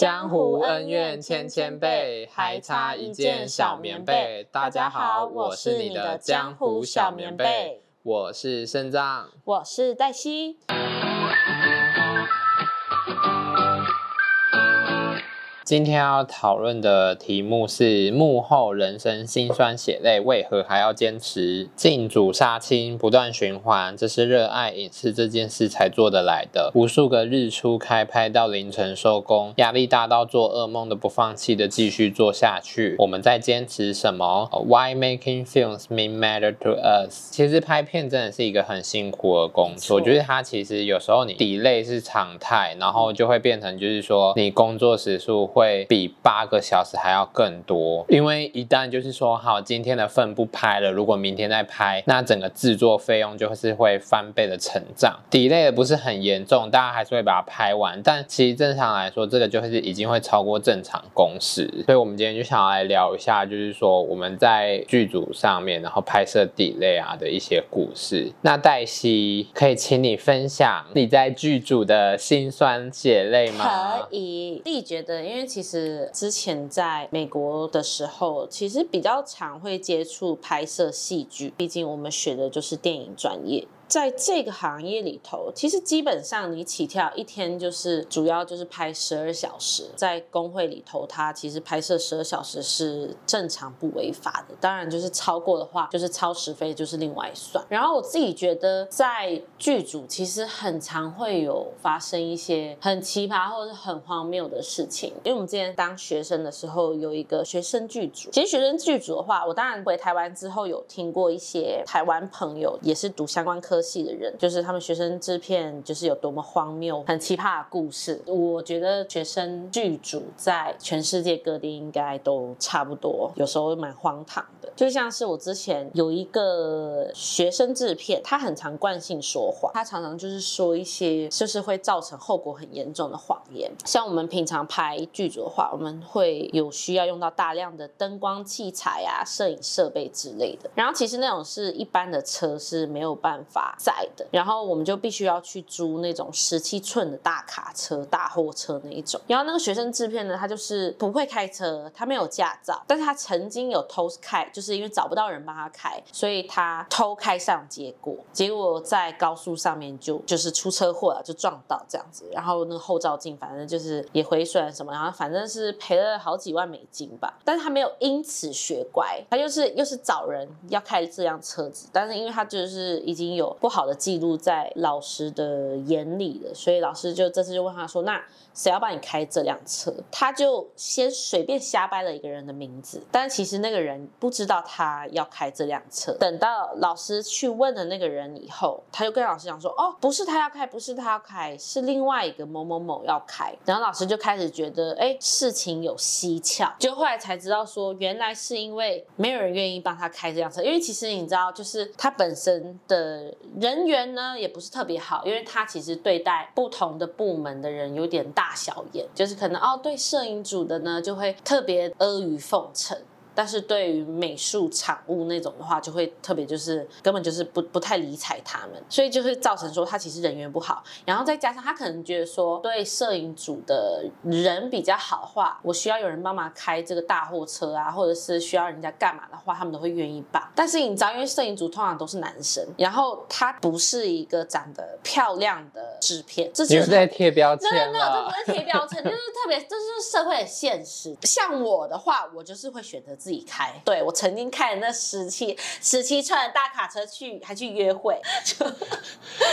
江湖,千千江湖恩怨千千倍，還差一件小棉被。大家好，我是你的江湖小棉被，我是腎臟，我是黛西。今天要討論的題目是幕後人生辛酸血淚，為何還要堅持進組殺青，不斷循環？這是熱愛影視這件事才做得來的。無數個日出開拍到凌晨收工，壓力大到做噩夢都不放棄的繼續做下去。我們在堅持什麼？Why making films mean matter to us？其實拍片真的是一個很辛苦的工作，就是它其實有時候你 delay 是常態，然後就會變成就是說你工作時數會。會比八個小時還要更多，因為一旦就是說好今天的份不拍了，如果明天再拍，那整個制作費用就是會翻倍的成長。delay 也不是很嚴重，大家還是會把它拍完，但其實正常來說，這個就是已經會超過正常工時。所以我們今天就想要來聊一下，就是說我們在劇組上面，然後拍攝 delay 啊的一些故事。那黛西，可以請你分享你在劇組的辛酸血淚嗎？可以，自己覺得因為。其實之前在美國的時候，其實比較常會接觸拍攝戲劇，畢竟我們學的就是電影專業。在這個行業裡頭，其實基本上你起跳一天就是主要就是拍十二小時，在工會裡頭，他其實拍攝十二小時是正常不違法的。當然就是超過的話，就是超時費就是另外一算。然後我自己覺得，在劇組其實很常會有發生一些很奇葩或者很荒謬的事情。因為我們之前當學生的時候，有一個學生劇組。其實學生劇組的話，我當然回台灣之後有聽過一些台灣朋友也是讀相關科。系的人，就是他們學生製片，就是有多麼荒謬、很奇葩的故事。我覺得學生劇組在全世界各地應該都差不多，有時候蠻荒唐的。就像是我之前有一個學生製片，他很常慣性說謊，他常常就是說一些就是會造成後果很嚴重的謊言。像我們平常拍劇組的話，我們會有需要用到大量的燈光器材啊、攝影設備之類的。然後其實那種是一般的車是沒有辦法。在的，然後我們就必須要去租那種十七寸的大卡車、大貨車那一種。然後那個學生制片呢，他就是不會開車，他沒有駕照，但是他曾經有偷開，就是因為找不到人幫他開，所以他偷開上，結果結果在高速上面就就是出車禍了，就撞到這樣子。然後那個後照鏡，反正就是也毀損什麼，然後反正是賠了好幾萬美金吧。但是他沒有因此學乖，他又、就是又是找人要開這輛車子，但是因為他就是已經有。不好的記錄在老師的眼裡了，所以老師就這次就問他說：“那誰要幫你開這輛車？”他就先隨便瞎掰了一個人的名字，但其實那個人不知道他要開這輛車。等到老師去問了那個人以後，他就跟老師講說：“哦，不是他要開，不是他要開，是另外一個某某某要開。”然後老師就開始覺得，哎，事情有蹊蹺。就後來才知道說，原來是因為沒有人願意幫他開這輛車，因為其實你知道，就是他本身的。人緣呢也不是特別好，因為他其實對待不同的部門的人有點大小眼，就是可能哦，對攝影組的呢就會特別阿諛奉承。但是對於美術場務那種的話，就會特別就是根本就是不不太理睬他們，所以就會造成說他其實人緣不好。然後再加上他可能覺得說對攝影組的人比較好的話，我需要有人幫忙開這個大貨車啊，或者是需要人家幹嘛的話，他們都會願意幫。但是你知道，因為攝影組通常都是男生，然後他不是一個長得漂亮的制片。這、那個、就是在貼標籤。沒有沒有，這不是貼標籤，就是特別就是社會的現實。像我的話，我就是會選擇。自己開，對，我曾經開的那十七十七串大卡車去，還去約會就，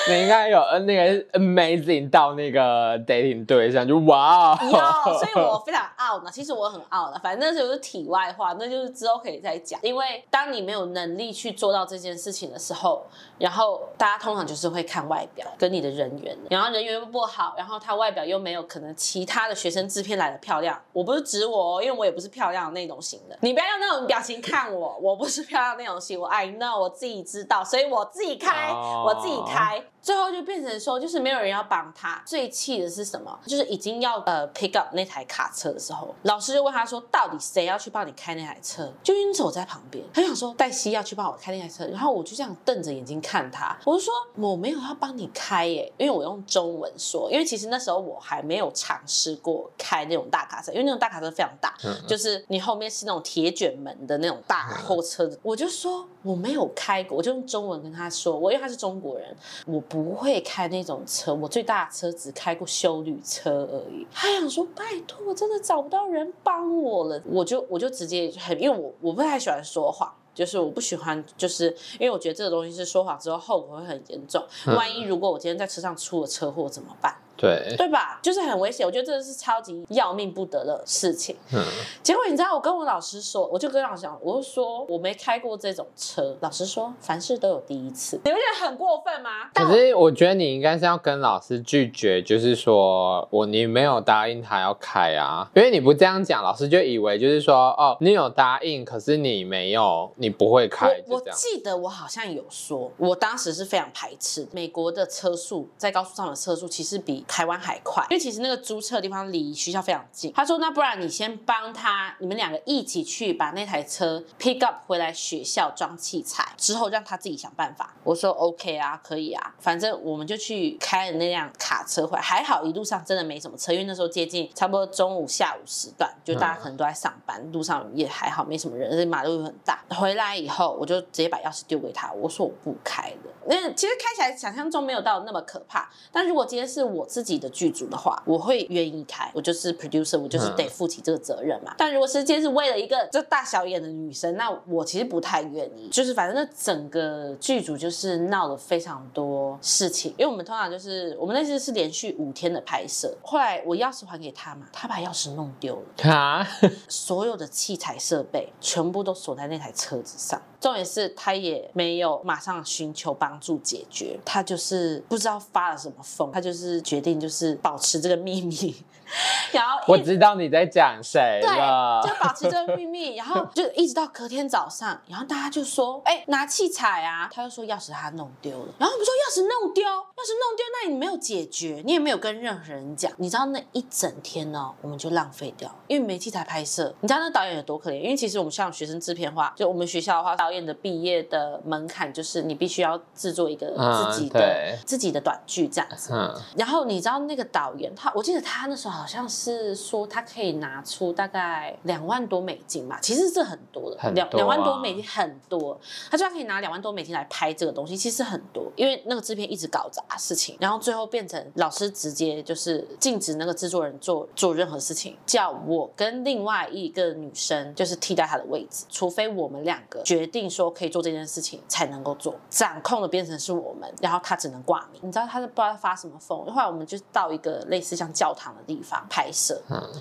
你應該有那個 amazing 到那個 dating 對象，就哇哦！哦，所以我非常傲呢。其實我很傲的，反正那時候就是體外話，那就是之後可以再講。因為當你沒有能力去做到這件事情的時候。然後大家通常就是會看外表跟你的人緣，然後人緣不好，然後他外表又沒有可能其他的學生制片來的漂亮。我不是指我，哦，因為我也不是漂亮的那種型的。你不要用那種表情看我，我不是漂亮的那種型。我 I know，我自己知道，所以我自己開，我自己開。啊、最後就變成說，就是沒有人要幫他。最氣的是什麼？就是已經要呃 pick up 那台卡車的時候，老師就問他說：“到底誰要去幫你開那台車？”就因為我在旁邊，他想說黛西要去幫我開那台車，然後我就這樣瞪着眼睛。看他，我就說我沒有要幫你開耶、欸，因為我用中文說，因為其實那時候我還沒有嘗試過開那種大卡車，因為那種大卡車非常大，呵呵，就是你後面是那種鐵捲門的那種大貨車呵呵。我就說我沒有開過，我就用中文跟他說，我因為他是中國人，我不會開那種車，我最大的車只開過休旅車而已。他想說拜託，我真的找不到人幫我了，我就我就直接很，因為我我不太喜歡說謊。就是我不喜歡，就是因為我覺得這個東西是說謊之後後果會很嚴重。萬一如果我今天在車上出了車禍怎麼辦？對對吧？就是很危險，我覺得這是超級要命不得的事情。嗯，結果你知道，我跟我老師說，我就跟老師講，我就說我沒開過這種車。老師說，凡事都有第一次，你不覺得很過分嗎？可是我覺得你應該是要跟老師拒絕，就是說我你沒有答應他要開啊，因為你不這樣講，老師就以為就是說哦，你有答應，可是你沒有，你不會開。我，我記得我好像有說，我當時是非常排斥美國的車速，在高速上的車速其實比。台灣還快，因為其實那個租車的地方離學校非常近。他說：“那不然你先幫他，你們兩個一起去把那台車 pick up 回來學校裝器材，之後讓他自己想辦法。”我說：“OK 啊，可以啊，反正我們就去開了那輛卡車回來。還好一路上真的沒什麼車，因為那時候接近差不多中午下午時段，就大家可能都在上班、嗯，路上也還好沒什麼人，而且馬路很大。回來以後我就直接把鑰匙丟給他，我說我不開了。那其實開起來想象中沒有到那麼可怕，但如果今天是我。”自己的劇組的話，我會願意開。我就是 producer，我就是得負起這個責任嘛。但如果今天是為了一個這大小眼的女生，那我其實不太願意。就是反正那整個劇組就是鬧了非常多事情，因為我們通常就是我們那次是連續五天的拍攝。後來我鑰匙還給他嘛，他把鑰匙弄丟了。他、啊、 所有的器材設備全部都鎖在那台車子上。重點是，他也沒有馬上尋求幫助解決，他就是不知道發了什麼瘋，他就是決定就是保持這個秘密。 然後我知道你在講誰，對， 就保持這個秘密。然後就一直到隔天早上，然後大家就說：“哎、欸，拿器材啊！”他就說：“鑰匙他弄丟了。”然後我們說：“鑰匙弄丟，鑰匙弄丟，那你沒有解決，你也沒有跟任何人講。”你知道那一整天呢、哦，我們就浪費掉，因為沒器材拍攝。你知道那導演有多可憐？因為其實我們像學生製片化，就我們學校的話，導演的畢業的門檻就是你必須要製作一個自己的、嗯、自己的短劇這樣子、嗯。然後你知道那個導演，他我記得他那時候。好像是說他可以拿出大概兩萬多美金吧，其實是很多的，兩、很多啊、兩萬多美金很多。他居然可以拿兩萬多美金來拍這個東西，其實很多，因為那個制片一直搞砸事情，然後最後變成老師直接就是禁止那個制作人做做任何事情，叫我跟另外一個女生就是替代他的位置，除非我們兩個決定說可以做這件事情才能夠做，掌控的變成是我們，然後他只能掛名。你知道他是不知道發什麼瘋，後來我們就到一個類似像教堂的地方。拍攝，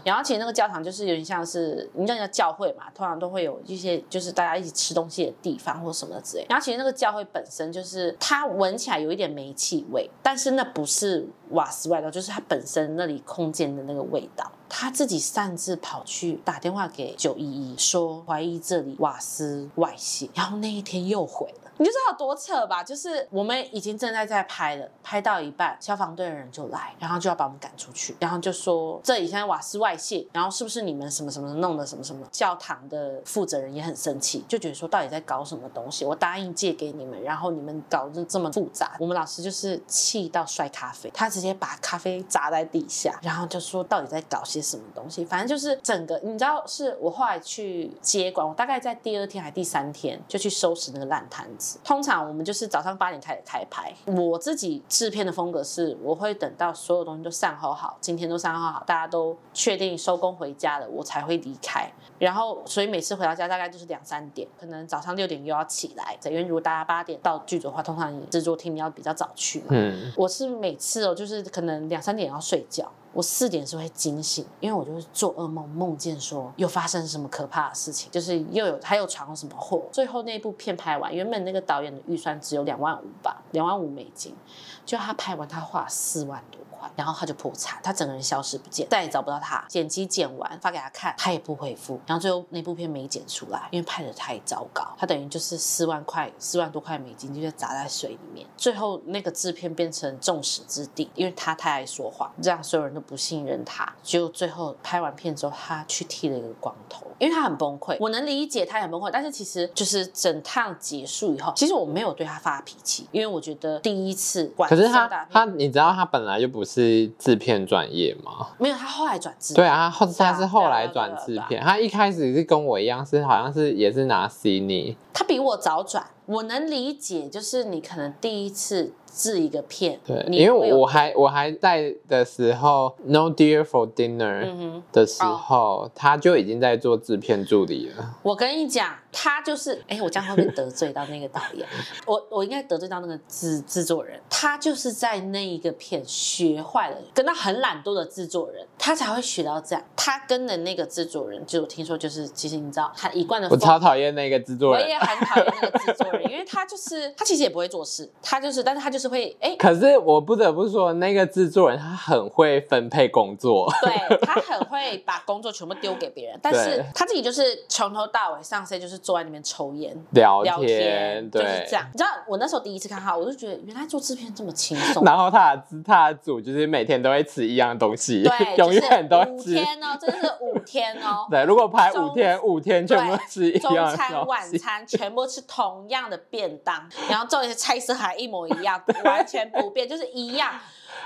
然後其實那個教堂就是有點像是，你知道，那個教會嘛，通常都會有一些就是大家一起吃東西的地方或什麼之類。然後其實那個教會本身就是，它聞起來有一點煤氣味，但是那不是瓦斯外漏，就是它本身那裡空間的那個味道。他自己擅自跑去打電話給九一一，說懷疑這裡瓦斯外泄，然後那一天又回你就知道有多扯吧！就是我們已經正在在拍了，拍到一半，消防隊的人就來，然後就要把我們趕出去，然後就說這裡現在瓦斯外泄，然後是不是你們什麼什麼弄的什麼什麼？教堂的負責人也很生氣，就覺得說到底在搞什麼東西？我答應借給你們，然後你們搞得這麼複雜，我們老師就是氣到摔咖啡，他直接把咖啡砸在地下，然後就說到底在搞些什麼東西？反正就是整個，你知道，是我後來去接管，我大概在第二天還是第三天就去收拾那個爛攤子。通常我們就是早上八點開始開拍。我自己制片的風格是，我會等到所有東西都善後好，今天都善後好，大家都確定收工回家了，我才會離開。然後，所以每次回到家大概就是兩三點，可能早上六點又要起來，因為如果大家八點到劇組的話，通常你制作廳你要比較早去嘛。嗯，我是每次哦，就是可能兩三點要睡覺。我四點是會驚醒，因為我就是做噩夢，夢見說又發生什麼可怕的事情，就是又有他又闖了什麼禍。最後那一部片拍完，原本那個導演的預算只有兩萬五吧，兩萬五美金，就他拍完他花了四萬多。然後他就破產，他整個人消失不見，再也找不到他。剪輯剪完發給他看，他也不回覆。然後最後那部片沒剪出來，因為拍得太糟糕。他等於就是四萬塊，四萬多塊美金就在砸在水裡面。最後那個制片變成眾矢之的，因為他太愛說話，讓所有人都不信任他。就最後拍完片之後，他去剃了一個光頭，因為他很崩潰。我能理解他很崩潰，但是其實就是整趟結束以後，其實我沒有對他發脾氣，因為我覺得第一次管，可是他他你知道他本來就不是製片專業嗎？沒有，他後來轉製。對啊，後他是後來轉製片，他一開始是跟我一樣，是好像是也是拿 C 呢。他比我早轉。我能理解，就是你可能第一次製一個片，對，因為我還我還在的時候，No Dear for Dinner 的時候，no 嗯哼，的時候 oh. 他就已經在做製片助理了。我跟你講，他就是，哎、欸，我將樣會得罪到那個導演？ 我我應該得罪到那個製製作人。他就是在那一個片學壞了，跟到很懶惰的製作人，他才會學到這樣。他跟的那個製作人，就我聽說就是，其實你知道，他一貫的，我超討厭那個製作人，我也很討厭那個製作人。 因為他就是他其實也不會做事，他就是，但是他就是會哎、欸。可是我不得不說，那個制作人他很會分配工作，對，他很會把工作全部丟給別人， 但是他自己就是從頭到尾上身就是坐在那邊抽煙聊、聊天，就是這樣。你知道我那時候第一次看他，我就覺得原來做製片這麼輕鬆。然後他的他的組就是每天都會吃一樣東西，對， 永遠都會吃，就是，五天哦，真的是五天哦。 對，如果排五天，五天全部吃一樣東西。中餐、晚餐全部吃同樣。 的便當，然後做一些菜色還一模一樣，完全不變，就是一樣，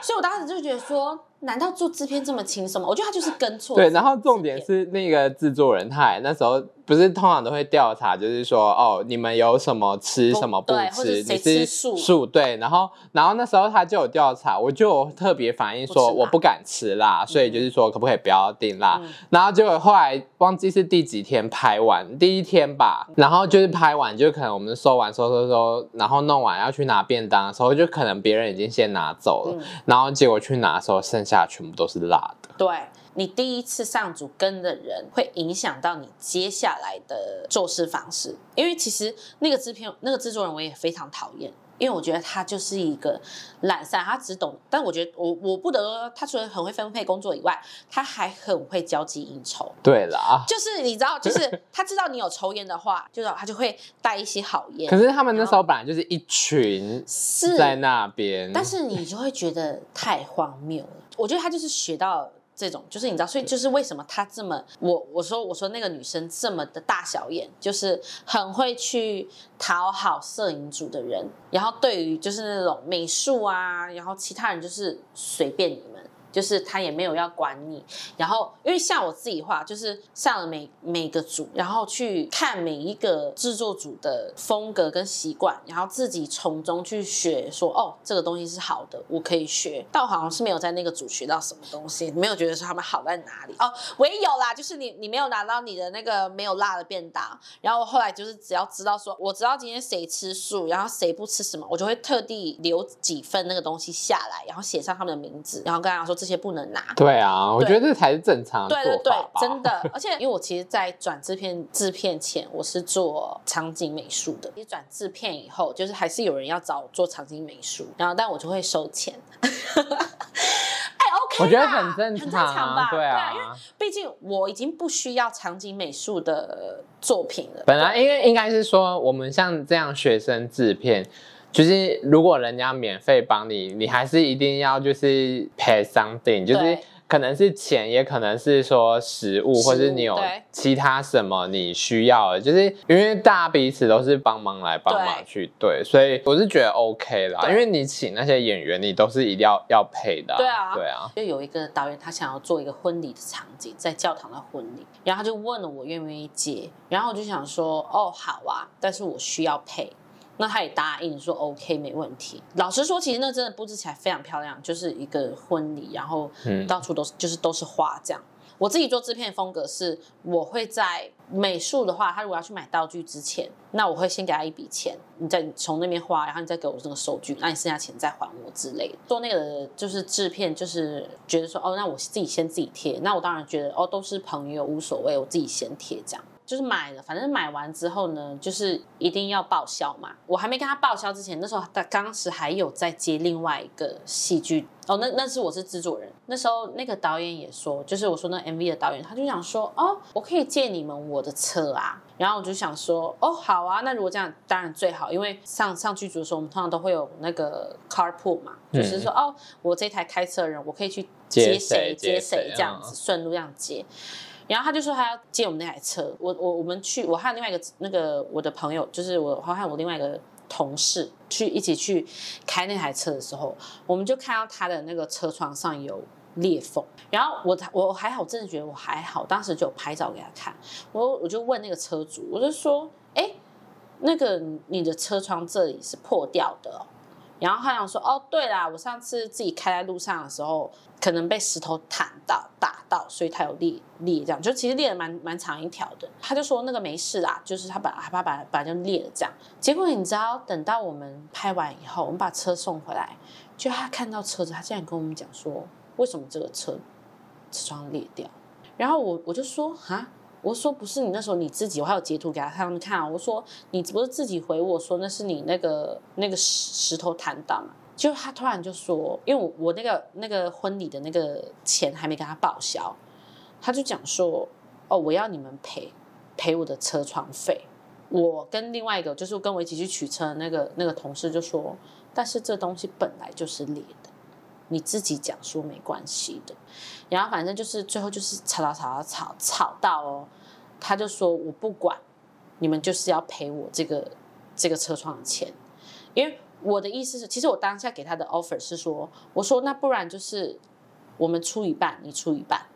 所以我當時就覺得說。難道做制片這麼輕鬆嗎？我覺得他就是跟錯。對，然後重點是那個製作人，他還那時候不是通常都會調查，就是說哦，你們有什麼吃什麼不吃？誰吃素？你是素素對，然後然後那時候他就有調查，我就特別反映說我不敢吃辣，嗯，所以就是說可不可以不要訂辣，嗯。然後結果後來忘記是第幾天拍完第一天吧，然後就是拍完就可能我們收完收收收，然後弄完要去拿便當的時候，就可能別人已經先拿走了，嗯，然後結果去拿的時候剩下。下全部都是辣的對。對，你第一次上組跟的人，會影響到你接下來的做事方式，因為其實那個制片，那個制作人，我也非常討厭。因為我覺得他就是一個懶散，他只懂。但我覺得我我不得，他除了很會分配工作以外，他還很會交際應酬。對啦，就是你知道，就是他知道你有抽菸的話， 就是他就會帶一些好菸。可是他們那時候本來就是一群是在那邊，但是你就會覺得太荒謬了。我覺得他就是學到。這種就是你知道，所以就是為什麼她這麼我我說我說那個女生這麼的大小眼，就是很會去討好攝影組的人，然後對於就是那種美術啊，然後其他人就是隨便你。就是他也沒有要管你，然後因為像我自己的話，就是上了每每個組，然後去看每一個製作組的風格跟習慣，然後自己從中去學說，說哦，這個東西是好的，我可以學。但我好像是沒有在那個組學到什麼東西，沒有覺得說他們好在哪裡哦。唯有啦，就是你你沒有拿到你的那個沒有辣的便當，然後後來就是只要知道說我知道今天誰吃素，然後誰不吃什麼，我就會特地留幾份那個東西下來，然後寫上他們的名字，然後跟他說。這些不能拿。對啊對，我覺得這才是正常的。對，對對對，真的。 而且，因為我其實在轉製片，在轉製片製片前，我是做場景美術的。你轉製片以後，就是還是有人要找我做場景美術，然後但我就會收錢。哎 、欸，OK，我覺得很正常，啊很正常吧，對啊，對啊，因為畢竟我已經不需要場景美術的作品了。本來，因為應該是說，我們像這樣學生製片。就是如果人家免費幫你，你還是一定要就是 pay something，就是可能是錢，也可能是說食物、食物，或是你有其他什麼你需要的。就是因為大家彼此都是幫忙來幫忙去。對，對，所以我是覺得 OK 啦，因為你請那些演員，你都是一定要要 pay 的啊。對啊，對啊。就有一個導演，他想要做一個婚禮的場景，在教堂的婚禮，然後他就問了我願不願意接，然後我就想說，哦，好啊，但是我需要 pay。那他也答應說 OK 沒問題。老實說，其實那真的布置起來非常漂亮，就是一個婚禮，然後到處都是、嗯、就是都是花這樣。我自己做製片的風格是，我會在美術的話，他如果要去買道具之前，那我會先給他一筆錢，你再從那邊花，然後你再給我這個收據，那你剩下錢再還我之類的。做那個的就是製片，就是覺得說，哦，那我自己先自己貼，那我當然覺得哦，都是朋友無所謂，我自己先貼這樣。就是買了，反正買完之後呢，就是一定要報銷嘛。我還沒跟他報銷之前，那時候他當時還有在接另外一個戲劇哦。那那次我是製作人，那時候那個導演也說，就是我說那個 MV 的導演，他就想說哦，我可以借你們我的車啊。然後我就想說哦，好啊，那如果這樣，當然最好，因為上上劇組的時候，我們通常都會有那個 carpool 嘛，嗯、就是說哦，我這台開車的人，我可以去接誰接誰，接這樣子順、啊、路這樣接。然後他就說他要借我們那台車，我我我們去，我還有另外一個那個我的朋友，就是我好像我另外一個同事去一起去開那台車的時候，我們就看到他的那個車窗上有裂縫。然後我我還好，我真的覺得我還好，當時就拍照給他看。我我就問那個車主，我就說，哎，那個你的車窗這裡是破掉的哦？然後他想說，哦，對啦，我上次自己開在路上的時候，可能被石頭彈到打到，所以他有裂裂這樣，就其實裂了蠻蠻長一條的。他就說那個沒事啦，就是他把害怕把他把，他把就裂了這樣。結果你知道，等到我們拍完以後，我們把車送回來，就他看到車子，他竟然跟我們講說，為什麼這個車，車窗裂掉？然後我我就說，哈」。我說不是你那時候你自己，我還有截圖給他他們看啊，我說你不是自己回我說那是你那個那個石頭彈到嘛？就他突然就說，因為我,我那個那個婚禮的那個錢還沒給他報銷，他就講說哦我要你們賠賠我的車窗費。我跟另外一個就是跟我一起去取車的那個那個同事就說，但是這東西本來就是裂的，你自己講說沒關係的。然後反正就是最後就是吵吵吵吵吵、吵、吵到哦，他就說我不管，你們就是要賠我這個這個車窗的錢，因為我的意思是，其實我當下給他的 offer 是說，我說那不然就是我們出一半，你出一半，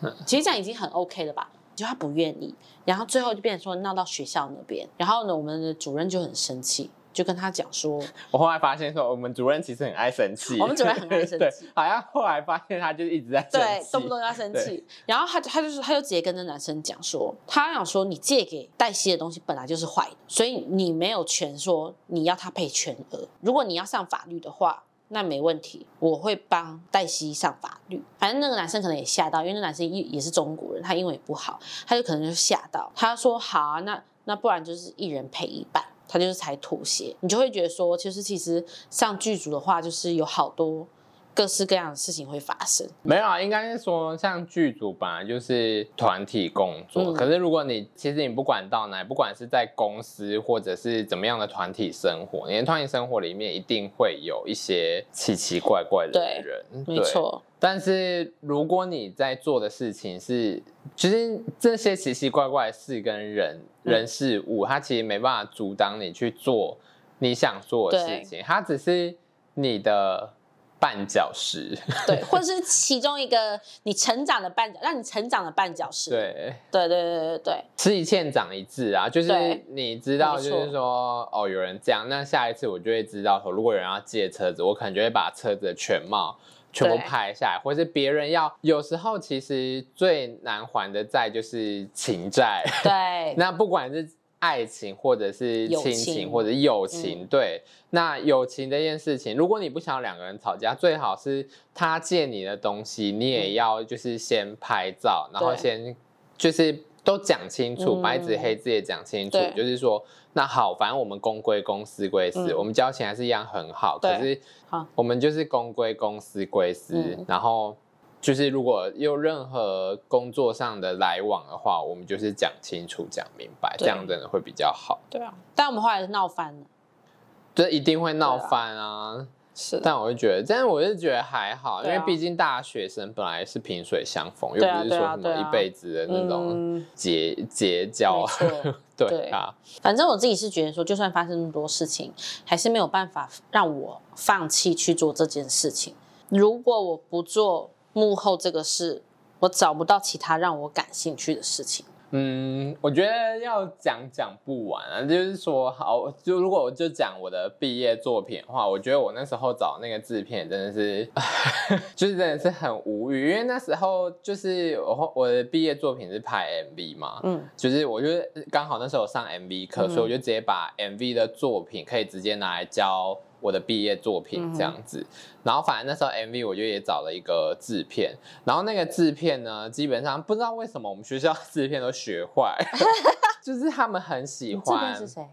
嗯、其實這樣已經很 OK 的吧？就他不願意，然後最後就變成說鬧到學校那邊，然後呢，我們的主任就很生氣。就跟他講說，我後來發現說，我們主任其實很愛生氣， 我們主任很愛生氣 對，好像後來發現他就一直在生氣，對，動不動要生氣。然後他他就是他就直接跟那男生講說，他想說你借給黛西的東西本來就是壞的，所以你沒有權說你要他賠全額。如果你要上法律的話，那沒問題，我會幫黛西上法律。反正那個男生可能也嚇到，因為那男生也也是中國人，他英文也不好，他就可能就嚇到，他說好啊，那那不然就是一人賠一半。他就是才妥協，你就會覺得說，就是、其實其實像劇組的話，就是有好多各式各樣的事情會發生。沒有啊，應該是說像劇組吧，就是團體工作、嗯。可是如果你其實你不管到哪，不管是在公司或者是怎麼樣的團體生活，你的團體生活裡面一定會有一些奇奇怪怪的人。對，沒錯。但是，如果你在做的事情是，其實這些奇奇怪怪的事跟人、嗯、人事物，它其實沒辦法阻擋你去做你想做的事情，它只是你的。絆腳石，對，或者是其中一個你成長的絆腳， 讓你成長的絆腳石，對，對,對，對,對,對，對，對，對，吃一塹長一智啊，就是你知道，就是說，哦，有人這樣，那下一次我就會知道說，如果有人要借車子，我可能就會把車子的全貌全部拍下來，或者是別人要，有時候其實最難還的債就是情債，對， 那不管是。愛情或者是親情或者友情,友情，對、嗯。那友情這件事情，如果你不想兩個人吵架，最好是他借你的東西，你也要就是先拍照，嗯、然後先就是都講清楚，嗯、白紙黑字也講清楚、嗯。就是說，那好，反正我們公歸公，私歸私，我們交情還是一樣很好。可是，好，我們就是公歸公，私歸私，然後。就是如果有任何工作上的來往的話，我們就是講清楚、講明白，這樣真的會比較好。對啊，但我們後來鬧翻了，對，一定會鬧翻啊。啊是，但我就覺得，但我是覺得還好，啊、因為畢竟大學生本來是萍水相逢、啊，又不是說什麼一輩子的那種結、啊啊、結、結交。 對啊對。反正我自己是覺得說，就算發生那麼多事情，還是沒有辦法讓我放棄去做這件事情。如果我不做。幕後這個事，我找不到其他讓我感興趣的事情。嗯，我覺得要講講不完啊，就是說，好，就如果我就講我的畢業作品的話，我覺得我那時候找那個制片真的是， 就是真的是很無語，因為那時候就是我我的畢業作品是拍 MV 嘛，嗯，就是我就剛好那時候上 MV 課，嗯、所以我就直接把 MV 的作品可以直接拿來交。我的畢業作品這樣子，然後反正那時候 MV，我就也找了一個制片，然後那個制片呢，基本上不知道為什麼我們學校的制片都學壞 就是他們很喜歡。是誰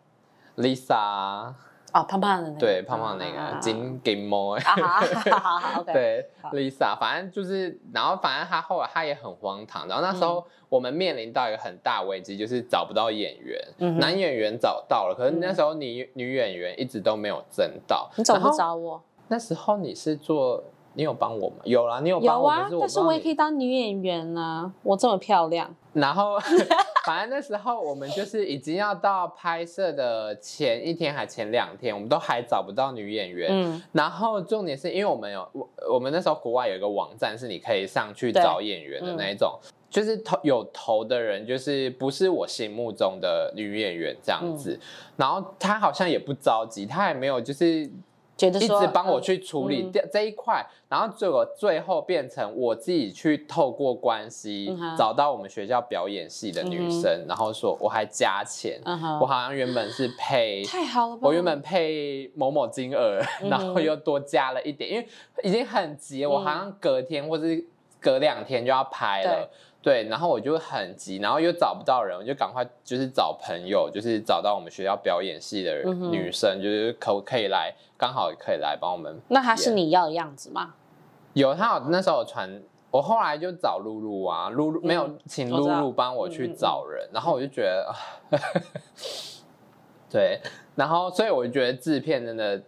？Lisa。啊、哦，胖胖的那個對，胖胖的那個金、啊、金毛、欸。啊，啊，啊，啊 okay，對，Lisa，反正就是，然後反正他後來他也很荒唐。然後那時候我們面臨到一個很大危機、嗯，就是找不到演員、嗯，男演員找到了，可是那時候女、嗯、女演員一直都沒有徵到。你找不着我。那時候你是做。你有幫我嗎？有啊，你有幫我。有啊，但是我也可以當女演員啊！我這麼漂亮。然後， 反正那時候我們就是已經要到拍攝的前一天，還前兩天，我們都還找不到女演員。嗯、然後重點是因為我們有我，我們那時候國外有一個網站，是你可以上去找演員的那一種，嗯、就是投有投的人，就是不是我心目中的女演員這樣子。嗯、然後他好像也不着急，他也沒有就是。覺得一直幫我去處理掉這一塊、嗯，然後最後最後變成我自己去透過關係、嗯、找到我們學校表演系的女生，嗯、然後說我還加錢，嗯、我好像原本是配太好了吧、我原本配某某金額、嗯，然後又多加了一點，因為已經很急、嗯，我好像隔天或是隔兩天就要拍了。嗯對，然後我就很急，然後又找不到人，我就趕快就是找朋友，就是找到我們學校表演系的人、嗯、女生，就是可不可以來，剛好也可以來幫我們。那她是你要的樣子嗎？有，他有、哦、那時候我傳我，後來就找露露啊，露、嗯、露沒有，請露露、嗯、幫我去找人，然後我就覺得，嗯、 對，然後所以我就覺得製片真的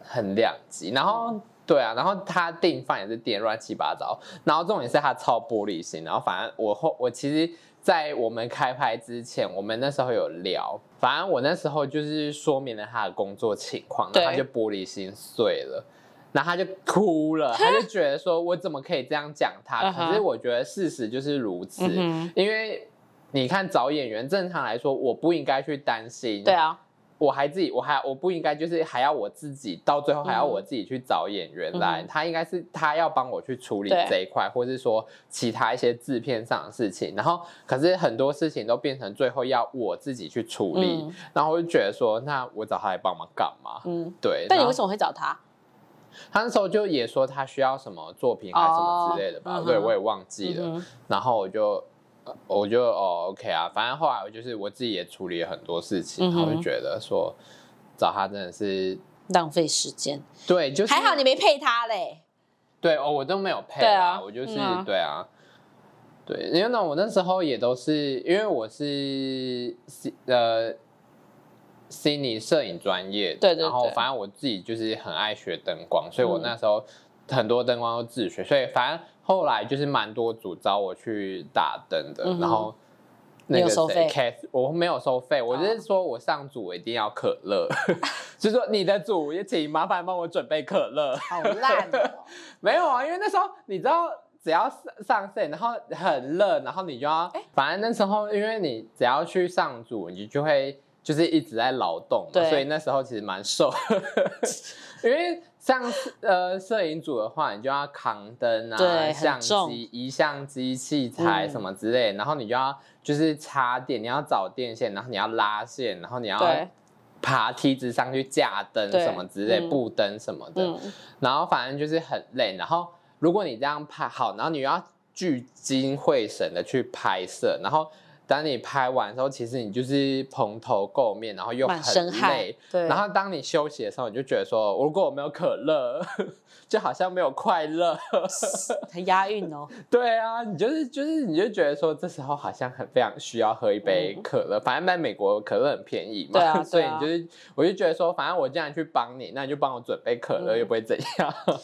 很兩極，然後。嗯對啊，然後他訂飯也是訂亂七八糟，然後這種也是他超玻璃心，然後反正我後我其實，在我們開拍之前，我們那時候有聊，反正我那時候就是說明了他的工作情況，然後他就玻璃心碎了，然後他就哭了，他就覺得說我怎麼可以這樣講他， 可是我覺得事實就是如此，Uh-huh. 因為你看找演員，正常來說我不應該去擔心，對啊。我還自己，我還我不應該就是還要我自己到最後還要我自己去找演員、嗯嗯、來，他應該是他要幫我去處理這一塊，或是說其他一些製片上的事情。然後可是很多事情都變成最後要我自己去處理，嗯、然後我就覺得說，那我找他來幫忙幹嘛？嗯，對。但你為什麼會找他？他那時候就也說他需要什麼作品還什麼之類的吧，哦嗯、對我也忘記了。嗯、然後我就。我就哦，OK 啊，反正後來我就是我自己也處理了很多事情，嗯、我就覺得說找他真的是浪費時間。對，就是還好你沒配他嘞。對哦，我都沒有配啊，對啊我就是、嗯、啊對啊，對，因為呢，我那時候也都是因為我是呃悉尼攝影專業，對，對，對，然後反正我自己就是很愛學燈光，所以我那時候很多燈光都自己學、嗯，所以反正。後來就是蠻多組找我去打燈的，嗯、然後那個 case 我沒有收費，哦、我就是說我上組一定要可樂，哦、 就是說你的組也請麻煩幫我準備可樂。好爛的哦！ 沒有啊，因為那時候你知道，只要上上然後很熱，然後你就要、哎，反正那時候因為你只要去上組，你就會就是一直在勞動嘛對，所以那時候其實蠻瘦， 因為。像呃攝影組的話，你就要扛燈啊，相機、移相機器材什麼之類、嗯，然後你就要就是插電，你要找電線，然後你要拉線，然後你要爬梯子上去架燈什麼之類，布燈什麼的、嗯，然後反正就是很累。然後如果你這樣拍好，然後你又要聚精會神的去拍攝，然後。當你拍完的時候，其實你就是蓬頭垢面，然後又很累。對。然後當你休息的時候，你就覺得說，如果我沒有可樂，就好像沒有快樂。很押韻哦。對啊，你就是就是你就覺得說，這時候好像很非常需要喝一杯可樂、嗯。反正在美國，可樂很便宜嘛、嗯對啊。對啊。所以你就是，我就覺得說，反正我這樣去幫你，那你就幫我準備可樂，又不會怎樣、嗯。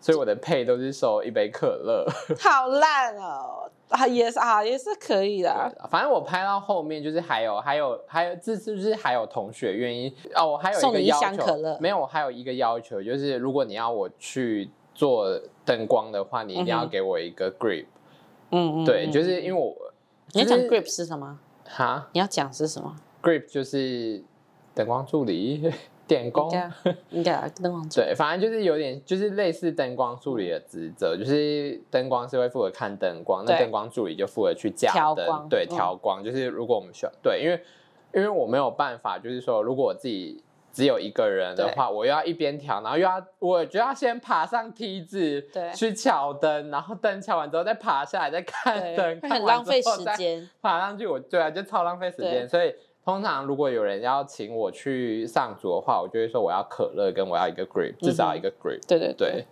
所以我的 pay 都是收一杯可樂。嗯、 好爛哦。啊、ah, yes, ah, yes, okay，也是啊，也是可以的。反正我拍到後面，就是還有還有還有，這是不是還有同學願意哦。Oh, 我還有一個要求，沒有我還有一個要求，就是如果你要我去做燈光的話，你一定要給我一個 grip。嗯嗯，對，就是因為我，就是、你要講 grip 是什麼？哈？你要講是什麼？grip 就是燈光助理。電工、啊，啊、 對，反正就是有點，就是類似燈光助理的職責，就是燈光是會負責看燈光，那燈光助理就負責去架燈，對，調光、嗯。就是如果我們需要，對，因為因為我沒有辦法，就是說如果我自己只有一個人的話，對我又要一邊調，然後又要我就要先爬上梯子對去調燈，然後燈調完之後再爬下來再看燈，對會很浪費時間。爬上去，我對啊，就超浪費時間，對所以。通常如果有人要請我去上組的話，我就會說我要可樂跟我要一個 grip、嗯、至少一個 grip 對，對對對。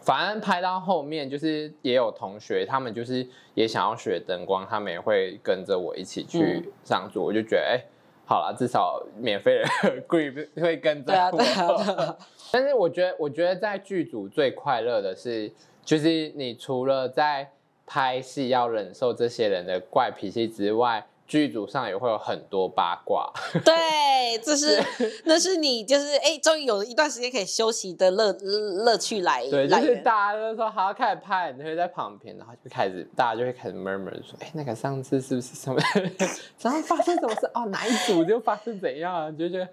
反正拍到後面，就是也有同學他們就是也想要學燈光，他們也會跟着我一起去上組。嗯、我就覺得，哎、欸，好啦，至少免費的 grip 會跟着我。對啊對啊，對啊，對啊。但是我覺得，我覺得在劇組最快樂的是，就是你除了在拍戲要忍受這些人的怪脾氣之外。劇組上也會有很多八卦，對，這是那是你就是哎，終、欸、於有一段時間可以休息的樂樂趣來，對來，就是大家都說好要開始拍，你就會在旁邊，然後就開始大家就會開始 murmur 說，哎、欸，那個上次是不是什麼， 然後發生什麼事 哦，哪一組就發生怎樣，就覺得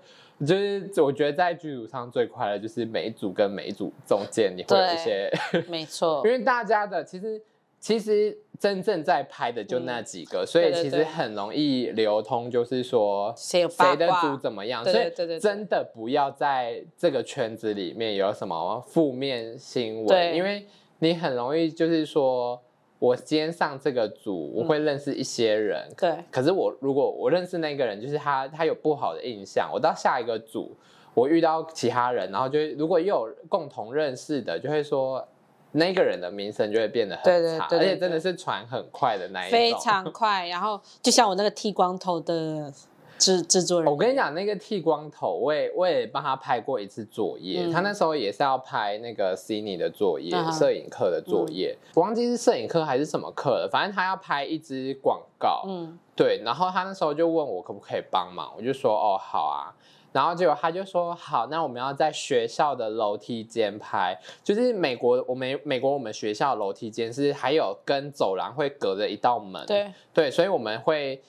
就是我覺得在劇組上最快樂就是每一組跟每一組中間你會有一些， 沒錯，因為大家的其實。其實真正在拍的就那幾個，嗯、對對對，所以其實很容易流通，就是說誰的組怎麼樣，對對對對。所以真的不要在這個圈子裡面有什麼負面新聞，因為你很容易就是說我今天上這個組，我會認識一些人、嗯。對，可是我如果我認識那個人，就是他，他有不好的印象，我到下一個組，我遇到其他人、嗯，然後就如果又有共同認識的，就會說。那個人的名聲就會變得很差，對對對對對，而且真的是傳很快的那一種，非常快。然後就像我那個剃光頭的製，製作人，我跟你講，那個剃光頭，我也我也幫他拍過一次作業。嗯、他那時候也是要拍那個 Cindy 的作業、嗯，攝影課的作業。我、嗯、忘記是攝影課還是什麼課了，反正他要拍一支廣告。嗯，對。然後他那時候就問我可不可以幫忙，我就說哦，好啊。然後結果他就說好，那我們要在學校的樓梯間拍，就是美國我們美國我們學校樓梯間是還有跟走廊會隔着一道門，對對，所以我們會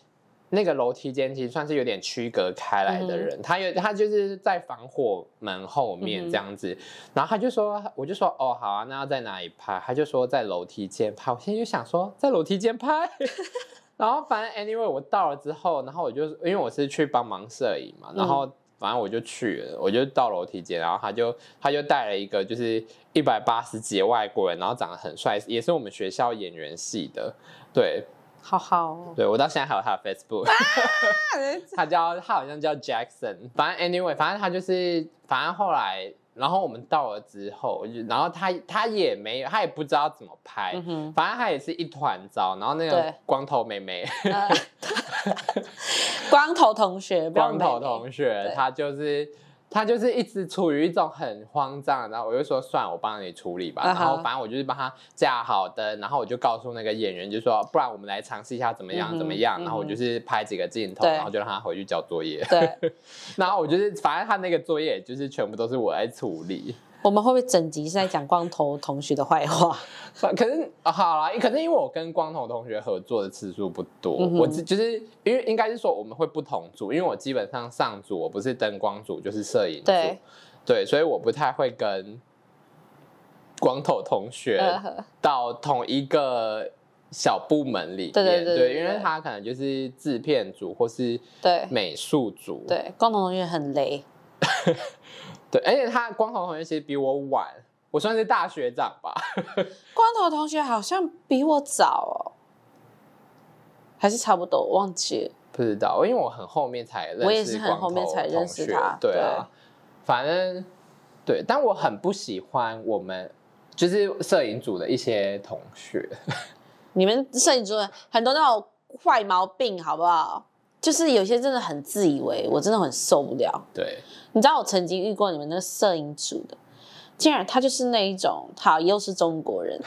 那個樓梯間其實算是有點區隔開來的人，嗯、他有他就是在防火門後面這樣子，嗯、然後他就說我就說哦好啊，那要在哪裡拍？他就說在樓梯間拍。我現在就想說在樓梯間拍， 然後反正 anyway 我到了之後，然後我就因為我是去幫忙攝影嘛，然後、嗯。反正我就去了，我就到樓梯間，然後他就他就帶了一個就是一百八十幾的外國人，然後長得很帥，也是我們學校演員系的，對，好好，對我到現在還有他的 Facebook，、啊、 他叫他好像叫 Jackson，反正 anyway，反正他就是反正後來。然後我們到了之後，然後他他也沒有，他也不知道怎麼拍，嗯、反正他也是一團糟。然後那個光頭妹妹，呵呵呃、 光頭同學，光頭同學，妹妹同學他就是。他就是一直處於一種很慌張，然後我就說算，我幫你處理吧。Uh -huh. 然後反正我就是幫他架好燈，然後我就告訴那個演員，就說不然我們來嘗試一下怎麼樣怎麼樣。Uh -huh. 然後我就是拍幾個鏡頭，uh -huh. 然後就讓他回去交作業。對，uh -huh.， 然後我就是反正他那個作業就是全部都是我來處理。我們會不會整集是在講光頭同學的壞話？ 可是、啊、好了，可能因為我跟光頭同學合作的次數不多，嗯、我只就是因為應該是說我們會不同組，因為我基本上上組我不是燈光組就是攝影組，對，對，所以我不太會跟光頭同學到同一個小部門裡面，對對對，對，對，因為他可能就是制片組或是美術組。對，美術組，對，光頭同學很雷。 而且他光頭同學其實比我晚，我算是大學長吧。 光頭同學好像比我早哦，還是差不多，我忘記了。不知道，因為我很後面才認識，我也是很後面才認識他。對啊，對反正對。但我很不喜歡我們就是攝影組的一些同學。你們攝影組的很多那種壞毛病，好不好？就是有些真的很自以為，我真的很受不了。對，你知道我曾經遇過你們那攝影組的，竟然他就是那一種，他又是中國人，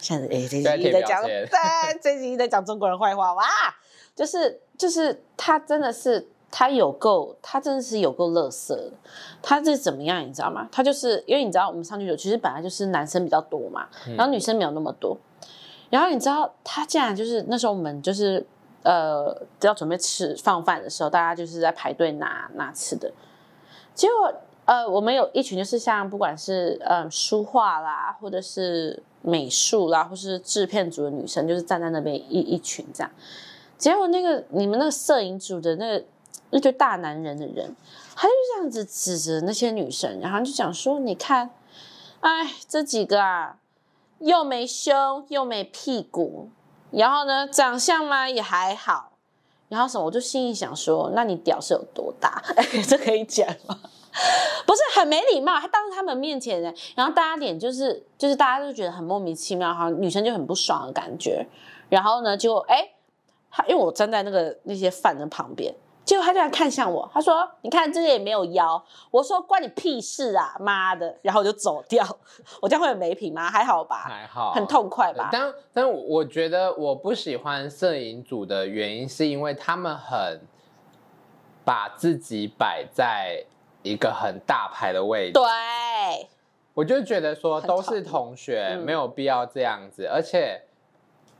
想着哎，最近一直在講，最近一直在講中國人壞話，哇，就是就是他真的是他有夠，他真的是有夠樂色。他這是怎麼樣，你知道嗎？他就是因為你知道我們上去組其實本來就是男生比較多嘛，然後女生沒有那麼多，嗯、然後你知道他竟然就是那時候我們就是。呃，要準備吃放飯的時候，大家就是在排隊拿拿吃的。結果，呃，我們有一群就是像不管是呃服化啦，或者是美術啦，或是製片組的女生，就是站在那邊一一群這樣。結果那個你們那個攝影組的那個那就、個、大男人的人，他就這樣子指着那些女生，然後就想說：“你看，哎，這幾個啊，又沒胸又沒屁股。”然後呢，長相嘛也還好，然後什麼，我就心裡想說，那你屌是有多大？哎，這可以講嗎？不是很沒禮貌，還當着他們面前呢。然後大家臉就是，就是大家都覺得很莫名其妙，好像女生就很不爽的感覺。然後呢，就哎，他因為我站在那個那些犯人旁邊。結果他竟然看向我，他說：“你看這些也沒有腰。”我說：“關你屁事啊，媽的！”然後我就走掉。我這樣會有沒品嗎？還好吧，還好，很痛快吧？但但我覺得我不喜歡攝影組的原因，是因為他們很把自己擺在一個很大牌的位置。對，我就覺得說都是同學，嗯、沒有必要這樣子，而且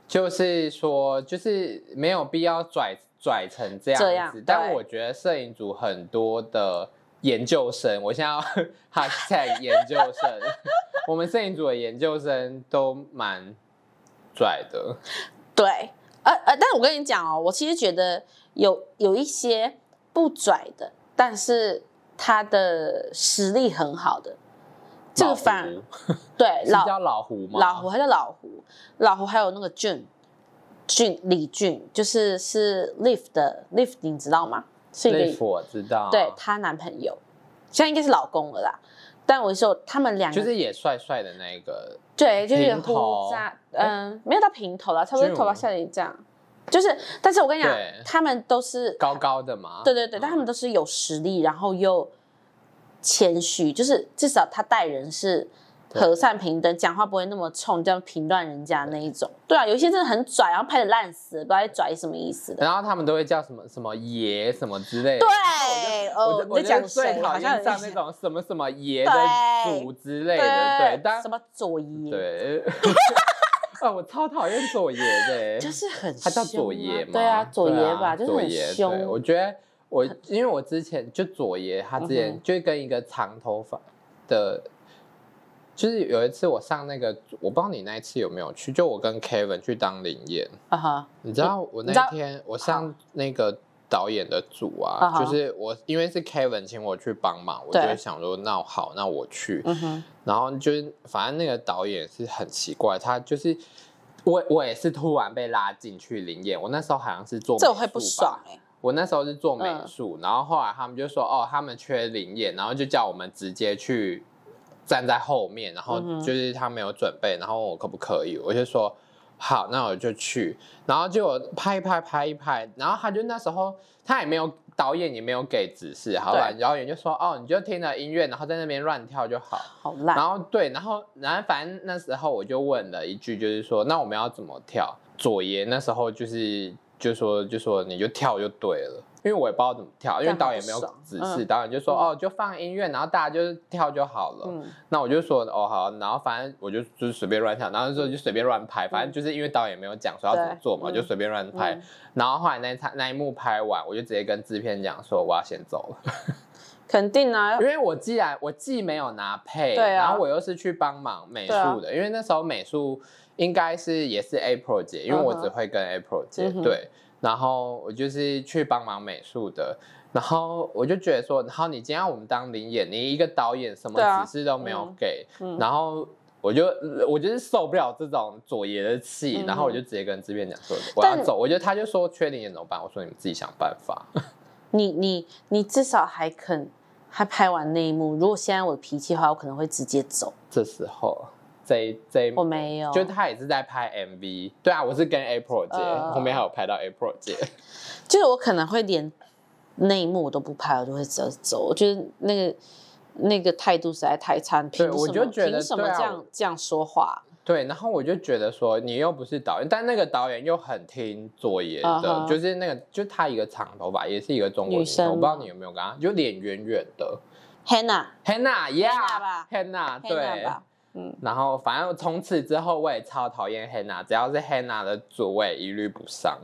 就是說，就是沒有必要拽。拽成這樣子，樣但我覺得攝影組很多的研究生，我現在要 #hashtag 研究生， 我們攝影組的研究生都蠻拽的。對，呃呃，但是我跟你講哦，我其實覺得有有一些不拽的，但是他的實力很好的。這個反對老叫老胡嗎？老胡還是老胡？老胡還有那個 June 俊李俊就是是 LIVE 的 LIVE，你知道嗎？LIVE 我知道、啊。對，他男朋友，現在應該是老公了啦。但我說他們兩個就是也帥帥的那個，對，就是平頭，嗯，沒有到平頭了，差不多是頭髮下來這樣。就是，但是我跟你講，他們都是高高的嘛。對對對、嗯，但他們都是有實力，然後又謙虛，就是至少他待人是。和善平等，講話不會那麼衝，這樣評斷人家那一種。對啊，有一些真的很拽，然後拍的爛死，不知道拽什麼意思的。然後他們都會叫什麼什麼爺什麼之類的。對，我就，我就、oh, 我就你講誰？最討厭像那種什麼什麼爺的組之類的，對對對，對。什麼左爺？對。 啊，我超討厭左爺的。就是很他叫左爺嘛。對啊，左爺吧，對啊、左爺就是很凶。對我覺得我因為我之前就左爺，他之前就跟一個長頭髮的。就是有一次我上那個，我不知道你那一次有沒有去，就我跟 Kevin 去當臨演，啊哈！你知道我那天，uh -huh. 我上那個導演的組啊，uh -huh. 就是我因為是 Kevin 請我去幫忙，uh -huh. 我就想說那好，那我去。Uh -huh. 然後就是反正那個導演是很奇怪，他就是我我也是突然被拉進去臨演。我那時候好像是做美術，這我會不爽哎，欸，我那時候是做美術，嗯，然後後來他們就說哦，他們缺臨演，然後就叫我們直接去。站在後面，然後就是他沒有準備，嗯、然後問我可不可以？我就說好，那我就去。然後就拍一拍，拍一拍。然後他就那時候，他也沒有導演，也沒有給指示，好吧？導演就說：“哦，你就聽着音樂，然後在那邊亂跳就好。”好爛。然後對，然後然後反正那時候我就問了一句，就是說那我們要怎麼跳？左爺那時候就是就說就說你就跳就對了。因為我也不知道怎麼跳，因為導演沒有指示，嗯、導演就說、嗯：“哦，就放音樂，然後大家就是跳就好了。嗯”那我就說：“哦，好。”然後反正我就就是隨便亂跳，然後說就，就隨便亂拍、嗯，反正就是因為導演沒有講說要怎麼做嘛，就隨便亂拍。嗯、然後後來那一場那一幕拍完，我就直接跟制片講說：“我要先走了。”肯定啊，因為我既然我既沒有拿配，對、啊、然後我又是去幫忙美術的，啊、因為那時候美術應該是也是 April 姐，因為我只會跟 April 姐、嗯、對。嗯然後我就是去幫忙美術的，然後我就覺得說，然後你今天我們當臨演，你一個導演什麼指示都沒有給，啊嗯嗯、然後我就我就是受不了這種左爺的氣、嗯，然後我就直接跟制片講說、嗯、我要走，我覺得他就說缺臨演怎麼辦？我說你們自己想辦法。你你你至少還肯還拍完那一幕，如果現在我的脾氣的話，我可能會直接走。這時候。Z Z，我沒有，就他也是在拍 MV，對啊，我是跟 April 姐，後面還有拍到 April 姐，就是我可能會連內幕我都不拍，我就會直接走。我覺得那個那個態度實在太差，憑什麼我就覺得憑什麼這樣、啊、這樣說話？對，然後我就覺得說你又不是導演，但那個導演又很聽左眼的、uh -huh，就是那個就他一個長頭髮，也是一個中國女,女生，我不知道你有沒有跟他，就臉圓圓的，Hannah Hannah Hanna, Yeah Hannah Hanna, 對。Hanna 嗯、然後，反正從此之後，我也超討厭 Henna 只要是 Henna 的組，我也一律不上。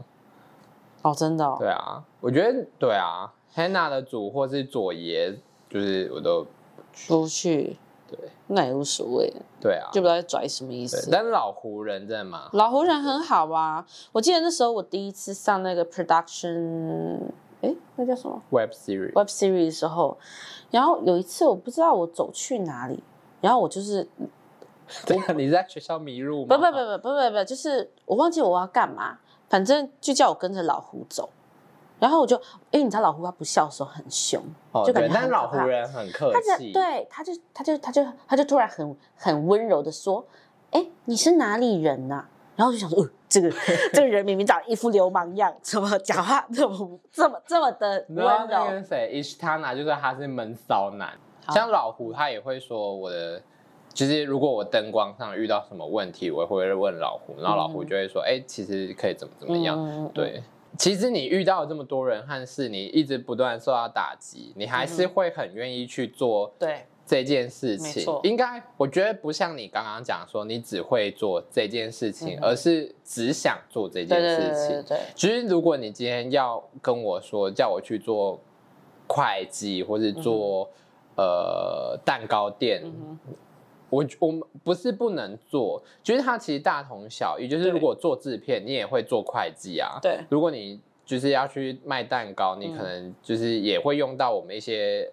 哦，真的、哦？對啊，我覺得對啊 Henna 的組或是左爺，就是我都不去。不去。對。那也無所謂。對啊，就不知道拽什麼意思。但是老胡人真的嗎？老胡人很好啊。我記得那時候我第一次上那個 Production，哎，那叫什麼 Web Series？Web Series 的時候，然後有一次我不知道我走去哪裡，然後我就是。對啊，你在學校迷路嗎？不不不不不不，就是我忘記我要幹嘛，反正就叫我跟着老胡走，然後我就，哎、欸，你知道老胡他不笑的時候很凶、哦，就感覺他他。但老胡人很客氣。對，他就他就他就他就，他就突然很很溫柔的說：“哎、欸，你是哪裡人吶、啊？”然後就想說，呃、這個這個人明明長一副流氓樣，怎 麼講話這麼這麼這麼的溫柔？跟誰？伊斯塔娜就是他是悶騷男，像老胡他也會說我的。其實，如果我燈光上遇到什麼問題，我會問老胡、嗯，然後老胡就會說：“哎、欸，其實可以怎麼怎麼樣。嗯”對，其實你遇到這麼多人和事，還是你一直不斷受到打擊，你還是會很願意去做對這件事情。嗯嗯、沒錯，應該我覺得不像你剛剛講說你只會做這件事情、嗯，而是只想做這件事情。對、對、對、對、對、對。其實，如果你今天要跟我說叫我去做會計，或者做、嗯、呃蛋糕店。嗯我我們不是不能做，就是它其實大同小異。就是如果做製片，你也會做會計啊。對，如果你就是要去賣蛋糕，你可能就是也會用到我們一些。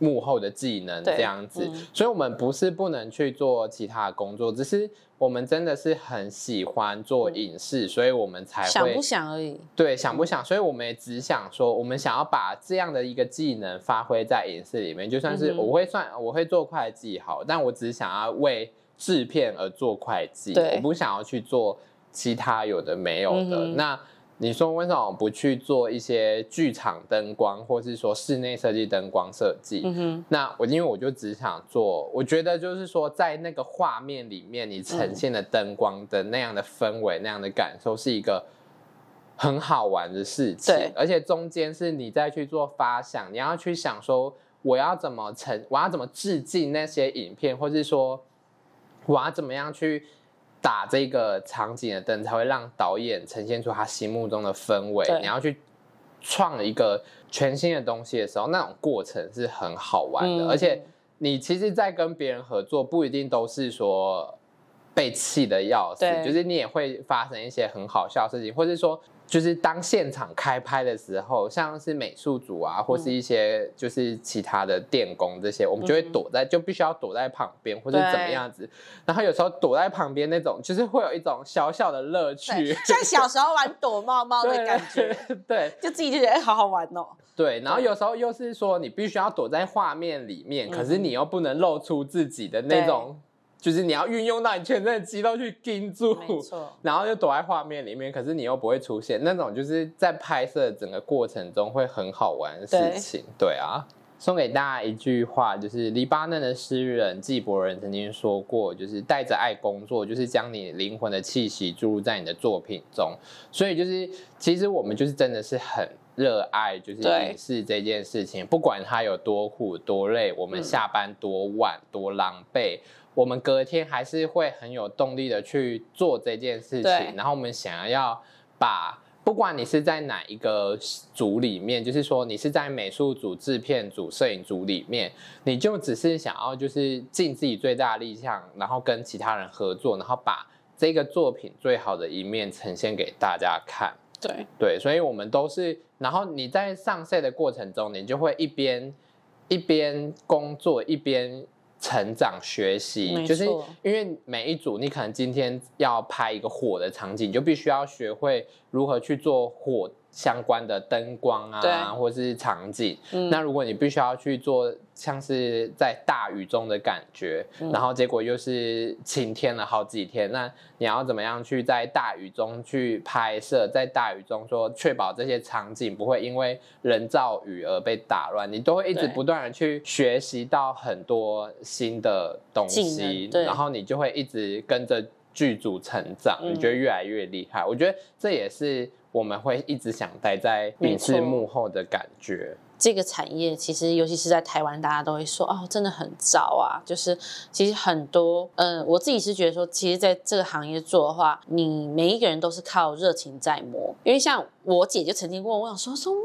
幕後的技能這樣子、嗯，所以我們不是不能去做其他的工作，只是我們真的是很喜歡做影視，嗯、所以我們才會想不想而已。對，想不想？所以我們也只想說，我們想要把這樣的一個技能發揮在影視裡面。就算是我會算，嗯、我會做會計好，但我只想要為製片而做會計，對，我不想要去做其他有的沒有的、嗯、那。你說為什麼我不去做一些劇場燈光，或是說室內設計燈光設計？嗯哼，那我因為我就只想做，我覺得就是說在那個畫面裡面你呈現的燈光的那樣的氛圍、嗯、那樣的感受是一個很好玩的事情。對，而且中間是你再去做發想，你要去想說我要怎麼成，我要怎麼致敬那些影片，或是說我要怎麼樣去。打這個場景的燈，才會讓導演呈現出他心目中的氛圍。你要去創一個全新的東西的時候，那種過程是很好玩的。嗯、而且你其實，在跟別人合作，不一定都是說被氣的要死，就是你也會發生一些很好笑的事情，或者說。就是當現場開拍的時候，像是美術組啊，或是一些就是其他的電工這些，嗯、我們就會躲在，就必須要躲在旁邊或者怎麼樣子。然後有時候躲在旁邊那種，就是會有一種小小的樂趣，像小時候玩躲貓貓的感覺，對對？就自己就覺得哎，好好玩哦。對，然後有時候又是說你必須要躲在畫面裡面，嗯、可是你又不能露出自己的那種。就是你要運用到你全身的肌肉去盯住，沒錯，然後就躲在畫面裡面，可是你又不會出現那種就是在拍攝整個過程中會很好玩的事情對，對啊。送給大家一句話，就是黎巴嫩的詩人紀伯倫曾經說過，就是帶着愛工作，就是將你靈魂的氣息注入在你的作品中。所以就是其實我們就是真的是很熱愛就是影視這件事情，不管它有多苦多累，我們下班多晚、嗯、多狼狽。我們隔天還是會很有動力的去做這件事情。對。然後我們想要把，不管你是在哪一個組裡面，就是說你是在美術組、制片組、攝影組裡面，你就只是想要就是盡自己最大的力量，然後跟其他人合作，然後把這個作品最好的一面呈現給大家看。對對，所以我們都是，然後你在上色的過程中，你就會一邊一邊工作一邊成長學習，就是因為每一組，你可能今天要拍一個火的場景，你就必須要學會如何去做火。相關的燈光啊，或是場景、嗯。那如果你必須要去做，像是在大雨中的感覺，嗯、然後結果又是晴天了好幾天，那你要怎麼樣去在大雨中去拍攝，在大雨中說確保這些場景不會因為人造雨而被打亂，你都會一直不斷的去學習到很多新的東西，然後你就會一直跟着。劇組成長，你覺得越來越厲害。嗯。我覺得這也是我們會一直想待在影視幕後的感覺。這個產業其實，尤其是在台灣，大家都會說哦真的很早啊。就是其實很多，嗯、呃，我自己是覺得說，其實在這個行業做的話，你每一個人都是靠熱情在磨。因為像我姐就曾經問我想說說，哇，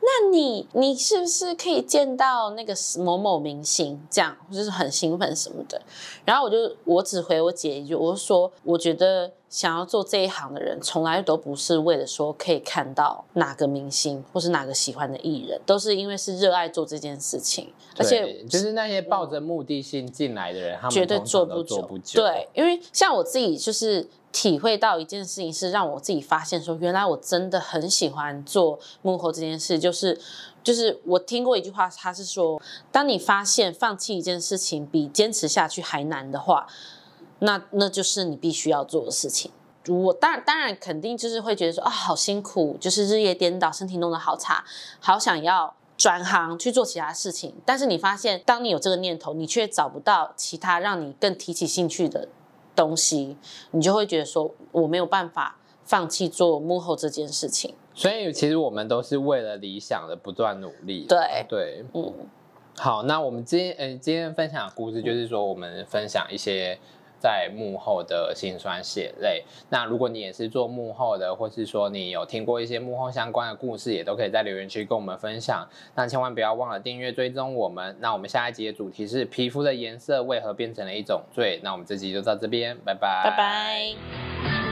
那你你是不是可以見到那個某某明星？這樣就是很興奮什麼的。然後我就我只回我姐一句，我就說我覺得。想要做這一行的人，從來都不是為了說可以看到哪個明星或是哪個喜歡的藝人，都是因為是熱愛做這件事情。對，而且就是那些抱着目的性進來的人，絕對做不做不久。對，因為像我自己就是體會到一件事情，是讓我自己發現說，原來我真的很喜歡做幕後這件事。就是，就是我聽過一句話，他是說，當你發現放棄一件事情比堅持下去還難的話。那那就是你必須要做的事情。我當然當然肯定就是會覺得說啊、哦，好辛苦，就是日夜顛倒，身體弄得好差，好想要轉行去做其他事情。但是你發現，當你有這個念頭，你卻找不到其他讓你更提起興趣的東西，你就會覺得說，我沒有辦法放棄做幕後這件事情。所以其實我們都是為了理想的不斷努力。對對，嗯。好，那我們今天誒、欸，今天分享的故事，就是說我們分享一些。在幕後的辛酸血淚。那如果你也是做幕後的，或是說你有聽過一些幕後相關的故事，也都可以在留言區跟我們分享。那千萬不要忘了訂閱追蹤我們。那我們下一集的主題是皮膚的顏色為何變成了一種罪。那我們這集就到這邊，拜拜。拜拜。